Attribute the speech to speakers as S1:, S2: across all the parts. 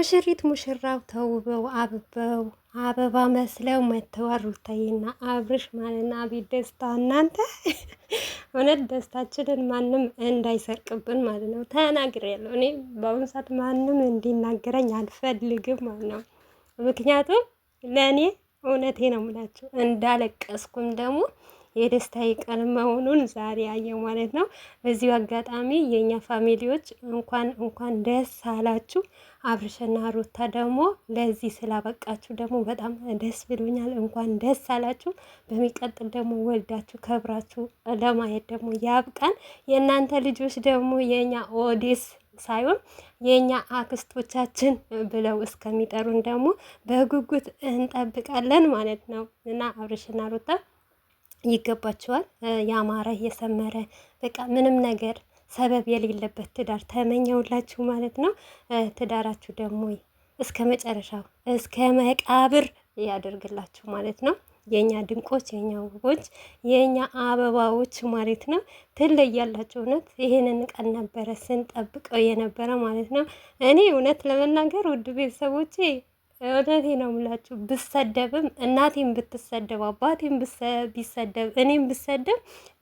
S1: ሙሽሪት ሙሽራው ተውበው አብበው አበባ መስለው መተዋል። ሩታዬና አብርሽ ማለና አቤት ደስታ እናንተ እውነት ደስታችንን ማንም እንዳይሰርቅብን ማለት ነው ያለው እኔ በአሁኑ ሰዓት ማንም እንዲናገረኝ አልፈልግም ማለት ነው። ምክንያቱም ለእኔ እውነቴ ነው የምላቸው እንዳለቀስኩም ደግሞ የደስታዬ ቀን መሆኑን ዛሬ አየው ማለት ነው። በዚሁ አጋጣሚ የእኛ ፋሚሊዎች እንኳን እንኳን ደስ አላችሁ። አብርሽና ሩታ ደግሞ ለዚህ ስላበቃችሁ ደግሞ በጣም ደስ ብሎኛል። እንኳን ደስ አላችሁ። በሚቀጥል ደግሞ ወልዳችሁ ከብራችሁ ለማየት ደግሞ ያብቃን። የእናንተ ልጆች ደግሞ የእኛ ኦዲስ ሳይሆን የእኛ አክስቶቻችን ብለው እስከሚጠሩን ደግሞ በጉጉት እንጠብቃለን ማለት ነው እና አብርሽና ሩታ ይገባቸዋል። ያማረ የሰመረ በቃ ምንም ነገር ሰበብ የሌለበት ትዳር ተመኘውላችሁ ማለት ነው። ትዳራችሁ ደግሞ እስከ መጨረሻው እስከ መቃብር ያደርግላችሁ ማለት ነው። የእኛ ድንቆች፣ የእኛ ውቦች፣ የእኛ አበባዎች ማለት ነው። ትለያላችሁ። እውነት ይህንን ቀን ነበረ ስንጠብቀው የነበረ ማለት ነው። እኔ እውነት ለመናገር ውድ ቤተሰቦቼ እውነቴ ነው የምላችሁ። ብሰደብም እናቴም ብትሰደብ አባቴም ቢሰደብ እኔም ብሰደብ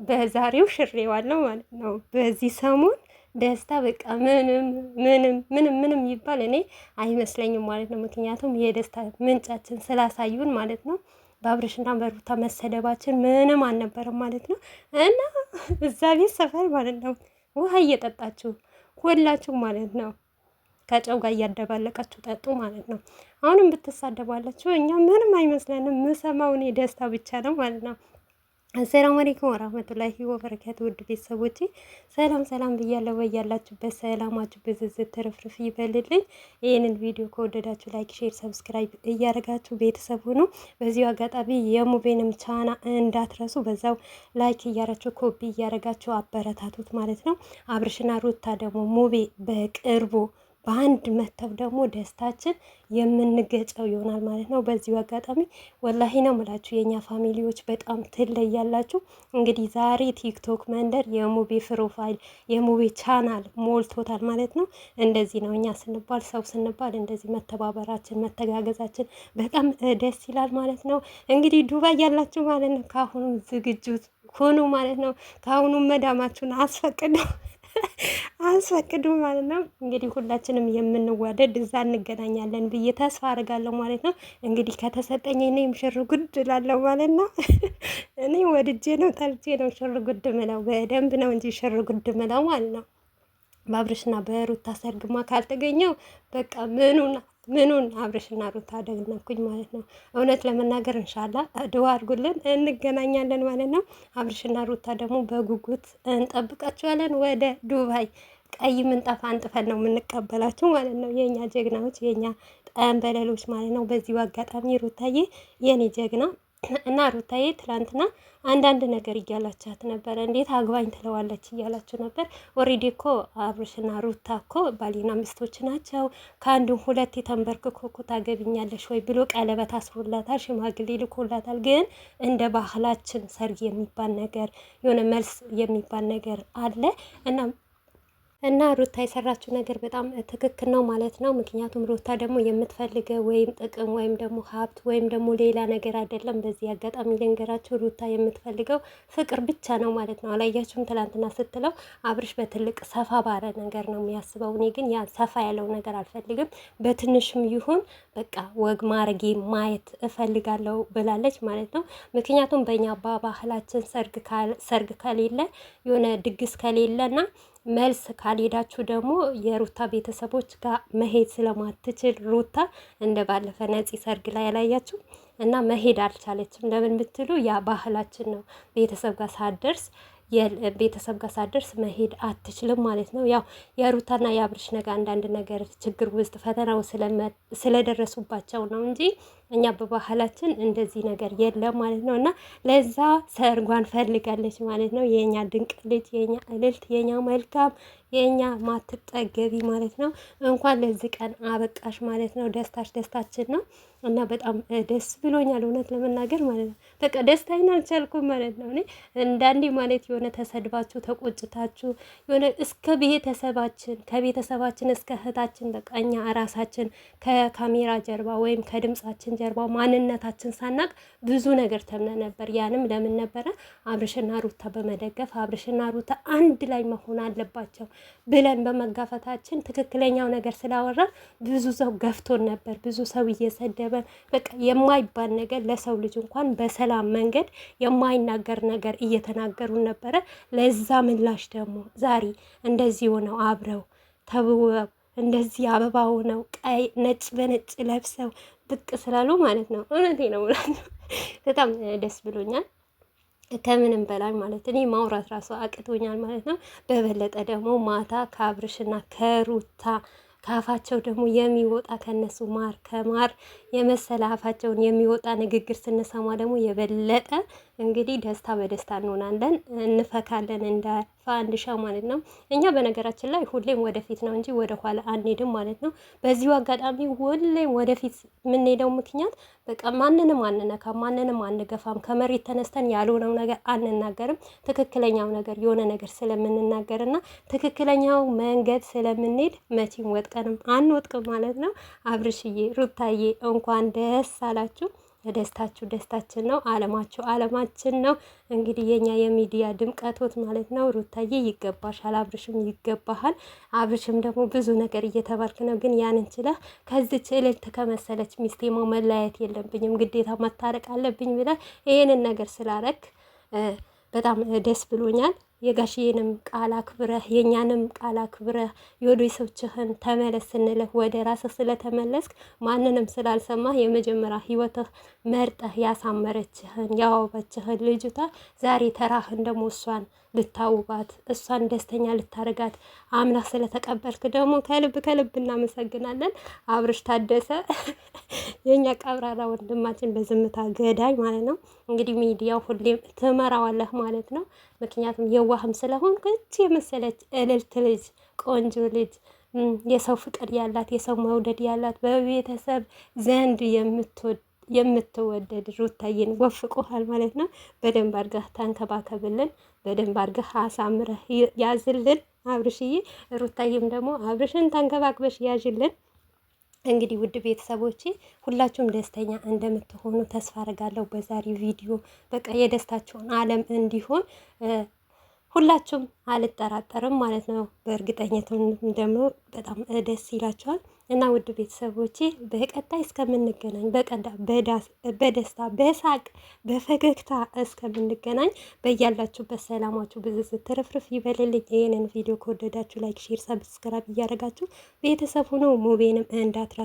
S1: በዛሬው ሽሬዋለሁ ማለት ነው። በዚህ ሰሞን ደስታ በቃ ምንም ምንም ምንም ምንም ይባል እኔ አይመስለኝም ማለት ነው። ምክንያቱም የደስታ ምንጫችን ስላሳዩን ማለት ነው። በአብረሽና በሩታ መሰደባችን ምንም አልነበረም ማለት ነው። እና እዛ ቤት ሰፈር ማለት ነው ውሃ እየጠጣችሁ ሁላችሁ ማለት ነው ከጨው ጋር እያደባለቀችሁ ጠጡ ማለት ነው። አሁንም ብትሳደባላችሁ እኛ ምንም አይመስለንም። ምሰማው እኔ ደስታ ብቻ ነው ማለት ነው። አሰላሙ አለይኩም ወራህመቱላሂ ወበረካቱ ውድ ቤተሰቦቼ ሰላም ሰላም ብያለሁ። በያላችሁበት ሰላማችሁ ብዝዝት ትርፍርፍ ይበልልኝ። ይህንን ቪዲዮ ከወደዳችሁ ላይክ፣ ሼር፣ ሰብስክራይብ እያደረጋችሁ ቤተሰብ ሆኖ በዚሁ አጋጣሚ የሙቤንም ቻና እንዳትረሱ በዛው ላይክ እያረችሁ ኮፒ እያደረጋችሁ አበረታቱት ማለት ነው። አብርሽና ሩታ ደግሞ ሙቤ በቅርቡ በአንድ መተብ ደግሞ ደስታችን የምንገጨው ይሆናል ማለት ነው። በዚሁ አጋጣሚ ወላሂ ነው ምላችሁ የእኛ ፋሚሊዎች በጣም ትለያላችሁ። እንግዲህ ዛሬ ቲክቶክ መንደር የሙቤ ፕሮፋይል የሙቤ ቻናል ሞልቶታል ማለት ነው። እንደዚህ ነው እኛ ስንባል ሰው ስንባል እንደዚህ መተባበራችን መተጋገዛችን በጣም ደስ ይላል ማለት ነው። እንግዲህ ዱባይ ያላችሁ ማለት ነው ከአሁኑ ዝግጁ ሆኑ ማለት ነው። ከአሁኑ መዳማችሁን አስፈቅደው አስፈቅዱ ማለት ነው። እንግዲህ ሁላችንም የምንዋደድ እዛ እንገናኛለን ብዬ ተስፋ አድርጋለሁ ማለት ነው። እንግዲህ ከተሰጠኝ እኔም ሽር ጉድ እላለሁ ማለት ነው። እኔ ወድጄ ነው ተርጄ ነው ሽር ጉድ ምለው፣ በደንብ ነው እንጂ ሽር ጉድ ምለው ማለት ነው። በአብርሽና በሩታ ሰርግማ ካልተገኘው በቃ ምኑና ምኑን አብረሽና ሩታ አደግነኩኝ ማለት ነው። እውነት ለመናገር እንሻላ ድዋ አድርጉልን፣ እንገናኛለን ማለት ነው። አብርሽና ሩታ ደግሞ በጉጉት እንጠብቃችኋለን። ወደ ዱባይ ቀይ ምንጣፍ አንጥፈን ነው የምንቀበላችሁ ማለት ነው። የእኛ ጀግናዎች፣ የእኛ ጠንበለሎች ማለት ነው። በዚሁ አጋጣሚ ሩታዬ የኔ ጀግና እና ሩታዬ ትላንትና አንዳንድ ነገር እያላችኋት ነበረ። እንዴት አግባኝ ትለዋለች እያላችሁ ነበር። ኦሬዲ እኮ አብርሽና ሩታ እኮ ባሊና ሚስቶች ናቸው። ከአንድ ሁለት የተንበርክኮ እኮ ታገቢኛለሽ ወይ ብሎ ቀለበት አስሮላታል፣ ሽማግሌ ልኮላታል። ግን እንደ ባህላችን ሰርግ የሚባል ነገር የሆነ መልስ የሚባል ነገር አለ እና እና ሩታ የሰራችው ነገር በጣም ትክክል ነው ማለት ነው። ምክንያቱም ሩታ ደግሞ የምትፈልገ ወይም ጥቅም ወይም ደግሞ ሀብት ወይም ደግሞ ሌላ ነገር አይደለም። በዚህ አጋጣሚ ልንገራችሁ፣ ሩታ የምትፈልገው ፍቅር ብቻ ነው ማለት ነው። አላያችሁም? ትናንትና ስትለው አብርሽ በትልቅ ሰፋ ባለ ነገር ነው የሚያስበው። እኔ ግን ያ ሰፋ ያለው ነገር አልፈልግም፣ በትንሽም ይሁን በቃ ወግ ማረጌ ማየት እፈልጋለሁ ብላለች ማለት ነው። ምክንያቱም በእኛ ባህላችን ሰርግ ከሌለ የሆነ ድግስ ከሌለ እና መልስ ካልሄዳችሁ ደግሞ የሩታ ቤተሰቦች ጋር መሄድ ስለማትችል ሩታ እንደ ባለፈ ነፂ ሰርግ ላይ ያላያችሁ እና መሄድ አልቻለችም። ለምን ምትሉ ያ ባህላችን ነው። ቤተሰብ ጋር ሳደርስ ቤተሰብ ጋር ሳደርስ መሄድ አትችልም ማለት ነው። ያው የሩታና የአብርሽ ነገ አንዳንድ ነገር ችግር ውስጥ ፈተናው ስለደረሱባቸው ነው እንጂ እኛ በባህላችን እንደዚህ ነገር የለም ማለት ነው። እና ለዛ ሰርጓን ፈልጋለች ማለት ነው። የኛ ድንቅ ልጅ፣ የኛ እልልት፣ የኛ መልካም፣ የእኛ ማትጠገቢ ማለት ነው። እንኳን ለዚህ ቀን አበቃሽ ማለት ነው። ደስታሽ ደስታችን ነው እና በጣም ደስ ብሎኛል እውነት ለመናገር ማለት ነው። በቃ ደስታዬን አልቻልኩም ማለት ነው። እኔ እንዳንዴ ማለት የሆነ ተሰድባችሁ ተቆጭታችሁ የሆነ እስከ ቤተሰባችን ከቤተሰባችን እስከ እህታችን በቃ እኛ ራሳችን ከካሜራ ጀርባ ወይም ከድምጻችን ጀርባ ማንነታችን ሳናቅ ብዙ ነገር ተምነ ነበር። ያንም ለምን ነበረ አብርሽና ሩታ በመደገፍ አብርሽና ሩታ አንድ ላይ መሆን አለባቸው ብለን በመጋፈታችን ትክክለኛው ነገር ስላወራ ብዙ ሰው ገፍቶን ነበር። ብዙ ሰው እየሰደበን በቃ የማይባል ነገር ለሰው ልጅ እንኳን በሰላም መንገድ የማይናገር ነገር እየተናገሩን ነበረ። ለዛ ምላሽ ደግሞ ዛሬ እንደዚህ ሆነው አብረው ተብወው እንደዚህ አበባ ሆነው ቀይ ነጭ በነጭ ለብሰው ብቅ ስላሉ ማለት ነው። እውነቴ ነው ብላ በጣም ደስ ብሎኛል ከምንም በላይ ማለት እኔ ማውራት ራሱ አቅቶኛል ማለት ነው። በበለጠ ደግሞ ማታ ከአብርሽና ከሩታ ከአፋቸው ደግሞ የሚወጣ ከነሱ ማር ከማር የመሰለ አፋቸውን የሚወጣ ንግግር ስንሰማ ደግሞ የበለጠ እንግዲህ ደስታ በደስታ እንሆናለን፣ እንፈካለን እንደ ሻ ማለት ነው። እኛ በነገራችን ላይ ሁሌም ወደፊት ነው እንጂ ወደኋላ አንሄድም ማለት ነው። በዚሁ አጋጣሚ ሁሌም ወደፊት የምንሄደው ምክንያት በቃ ማንንም አንነካም፣ ማንንም አንገፋም፣ ከመሬት ተነስተን ያልሆነው ነገር አንናገርም። ትክክለኛው ነገር የሆነ ነገር ስለምንናገር እና ትክክለኛው መንገድ ስለምንሄድ መቼም ወጥቀንም አንወጥቅም ማለት ነው። አብርሽዬ ሩታዬ እንኳን ደስ አላችሁ። የደስታችሁ ደስታችን ነው፣ አለማችሁ አለማችን ነው። እንግዲህ የኛ የሚዲያ ድምቀቶት ማለት ነው። ሩታዬ ይገባሻል፣ አብርሽም ይገባሃል። አብርሽም ደግሞ ብዙ ነገር እየተባልክ ነው፣ ግን ያንን ችለህ ከዚች እልል ከመሰለች ሚስቴማ መለያየት የለብኝም ግዴታ መታረቅ አለብኝ ብለህ ይሄንን ነገር ስላረክ በጣም ደስ ብሎኛል። የጋሽዬንም ቃል አክብረህ የእኛንም ቃል አክብረህ የወዶ የወዲሶችህን ተመለስ ስንልህ ወደ ራስህ ስለተመለስክ ማንንም ስላልሰማህ የመጀመሪያ ህይወትህ መርጠህ ያሳመረችህን ያወበችህን ልጅቷ ዛሬ ተራህን ደግሞ እሷን ልታውቃት እሷን ደስተኛ ልታደርጋት አምላክ ስለተቀበልክ ደግሞ ከልብ ከልብ እናመሰግናለን። አብርሽ ታደሰ የእኛ ቀብራራ ወንድማችን በዝምታ ገዳይ ማለት ነው። እንግዲህ ሚዲያው ሁሌም ትመራዋለህ ማለት ነው። ምክንያቱም የዋህም ስለሆንክ የመሰለች እልልት ልጅ፣ ቆንጆ ልጅ የሰው ፍቅር ያላት የሰው መውደድ ያላት በቤተሰብ ዘንድ የምትወድ የምትወደድ ሩታዬን ወፍቆሃል ማለት ነው። በደንብ አድርገህ ተንከባከብልን፣ በደንብ አድርገህ አሳምረህ ያዝልን አብርሽዬ። ሩታዬም ደግሞ አብርሽን ተንከባክበሽ ያዥልን። እንግዲህ ውድ ቤተሰቦቼ ሁላችሁም ደስተኛ እንደምትሆኑ ተስፋ አደርጋለሁ። በዛሬው ቪዲዮ በቃ የደስታቸውን ዓለም እንዲሆን ሁላችሁም አልጠራጠርም ማለት ነው። በእርግጠኝነት ደግሞ በጣም ደስ ይላቸዋል። እና ውድ ቤተሰቦቼ በቀጣይ እስከምንገናኝ በቀዳ በደስታ በሳቅ በፈገግታ እስከምንገናኝ በያላችሁበት ሰላማችሁ ብዝዝ ትርፍርፍ ይበልልኝ። ይህንን ቪዲዮ ከወደዳችሁ ላይክ፣ ሼር፣ ሰብስክራይብ እያደረጋችሁ ቤተሰብ ሁኖ ሙቤንም እንዳትራ